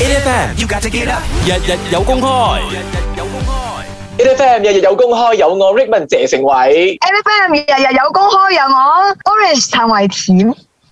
A F M 要架隻機啦，日日有公開，A F M 日日有公開，有我 Rickman 謝承偉，A F M 日日有公開，有我 Orange 陳慧恬。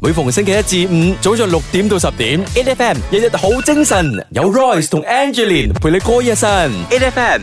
每逢星期一至五，早上六點到十點，8FM 日日好精神，有 Royce 同 Angeline 陪你過一生，8FM。